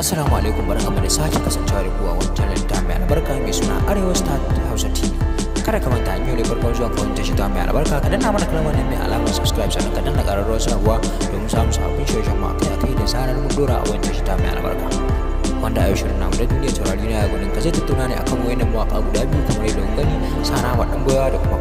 Assalamu alaikum barkamu da sake kasancewa da kuwa wani channel ta mai albarka mai suna Arewa Star Hausa TV. Kada ka manta hanyoyi da farko zuwa kawai tashi ta mai albarka ka danna mana kalmar nan mai alamar subscribe sannan ka danna ƙararrawar sanarwa domin samun sabbin shirye mu akai-akai da sanar mu dora a wani tashi ta mai albarka. Wanda a shirin namu da duniya taurari na ya gudun ka zai tattauna ne akan wayannan mawaƙa guda biyu kamar yadda kun gani Sana'a Ɗanboya da kuma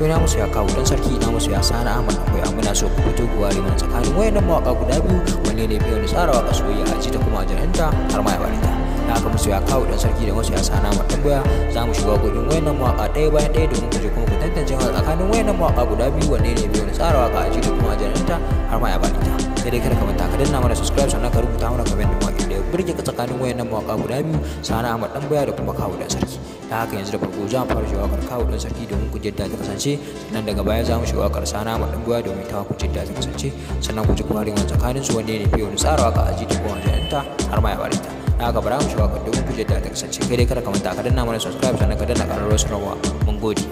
akwai na musu ya kawo dan sarki na musu ya sana amal akwai amina so ku fito ku ware mana tsakanin wayannan mawaka guda biyu wanne ne fiye da tsara waka soyayya a ji ta kuma a jiranta har ma ya bare ta da aka musu ya kawo dan sarki da musu ya sana amal tambaya za mu shiga gudun wayannan mawaka ɗaya bayan ɗaya domin ku je kuma ku tantance tsakanin wayannan mawaka guda biyu wanne ne fiye da tsara waka a ji ta kuma a jiranta har ma ya bare ta sai dai kada ka manta ka danna mana subscribe sannan ka rubuta mana comment da mawaki da ya burge ka tsakanin wayannan mawaka guda biyu sana amal tambaya da kuma kawo dan sarki da haka yanzu da farko za mu fara shawakar kawo dan sarki domin ku jidda ta kasance sannan daga baya za mu shawakar sana ma dan domin ta ku jidda ta kasance sannan ku ji kurarin wani tsakanin su wanne ne fiye wani tsara ka aji jidda kuma ta har ma ya bare ta da haka bara mu shawakar domin ku jidda ta kasance kai dai kada ka manta ka danna mana subscribe sannan ka danna karar wasu rawa mun gode.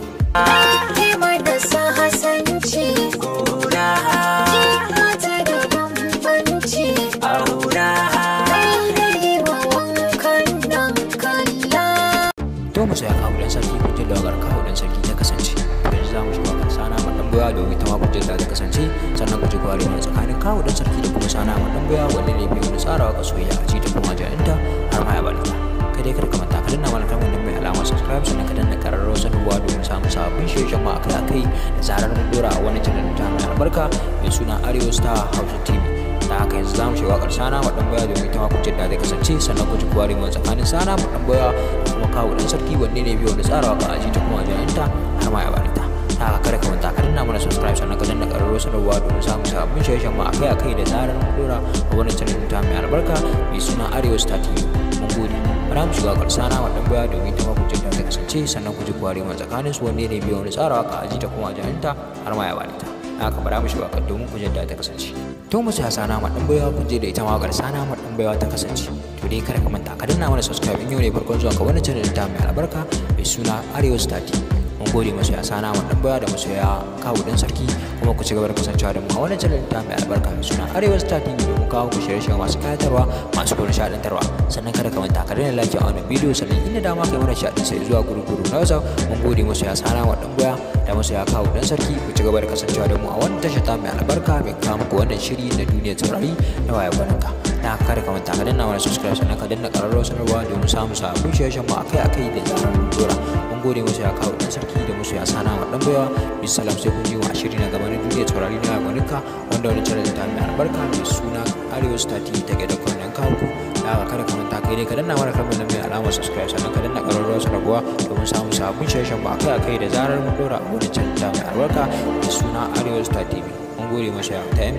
Kima da da ya kawo dan sarki kujin da wagar kawo dan sarki ta kasance yanzu za mu shiga kan sana ma dan boya domin ta ma kujin da ta kasance sannan kujin kwari ne tsakanin kawo dan sarki da kuma sana ma dan boya wanda ne bai wani tsarawa ka soyayya a cikin kuma jarinta har ma ya balata kai dai kada ka manta ka danna na kan wannan mai alamar subscribe sannan ka danna kararrawar sanarwa domin samun sabbin shirye-shiryen ma akai-akai da zarar mun dora wani channel ta mai albarka mai suna Arewa Star Hausa TV da haka yanzu zamu shiga wakar sana mu dan baya domin kima kuce da zai kasance sannan ku ji kwari mu tsakanin sana mu dan baya kuma kawo dan sarki wanne ne biyo da tsara waka aji ta kuma ta har ma ya bari ta ta haka kada ka manta ka danna mana subscribe sannan ka danna kararro sanarwa domin samun sabbin shirye mu akai akai da zarar mun dora a wannan channel ta mai albarka mai suna Arewa Star TV mun gode bara mu shiga wakar sana mu dan baya domin kima kuce da zai kasance sannan ku ji kwari mu tsakanin su wanne ne biyo da tsara waka aji ta kuma ta har ma ya bari ta haka bara mu shiga wakar domin ku da ta kasance musu ya sana ma ɗanbaiwa baiwa kun je da ita ma wakar sana ma ɗanbaiwa ta kasance. To dai kada ka manta ka danna mana subscribe in yau ne farkon zuwa ga wannan channel ta mai albarka mai suna Arewa Stati. Mun gode ya sana ma ɗanbaiwa da da ya kawo dan sarki kuma ku ci gaba da kasancewa da mu a wannan channel ta mai albarka mai suna Arewa Stati. kawo ku shi ga masu kayatarwa masu kuma nishaɗantarwa sannan kada ka manta ka daina like a wannan bidiyo sannan inda dama kai mana shaɗin sai zuwa guru-guru na wasa mun gode musu ya sana wa ɗan goya da masu ya kawo dan sarki ku ci gaba da kasancewa da mu a wannan tasha ta mai albarka mai kama muku wannan shiri na duniyar taurari na waya gwaninka na kada ka manta ka danna wani subscribe sannan ka danna ƙararrawar sanarwa domin samun sabbin shirye mu akai-akai da zarar mun dora mun gode musu ya kawo ɗan sarki da musu ya sana wa ɗan bisa bisalam sai kun ji wa ashiri na gabanin duniya taurari na gwaninka wanda wani da ta mai albarka mai suna arewa stati ta gaida kwanan kawo ku na kada ka manta kai dai ka danna wani kalmar mai alamar subscribe sannan ka danna ƙararrawar sanarwa domin samun sabbin shirye mu akai-akai da zarar mun dora a wani channel ta mai albarka mai suna arewa stati tv mun gode masa ya ta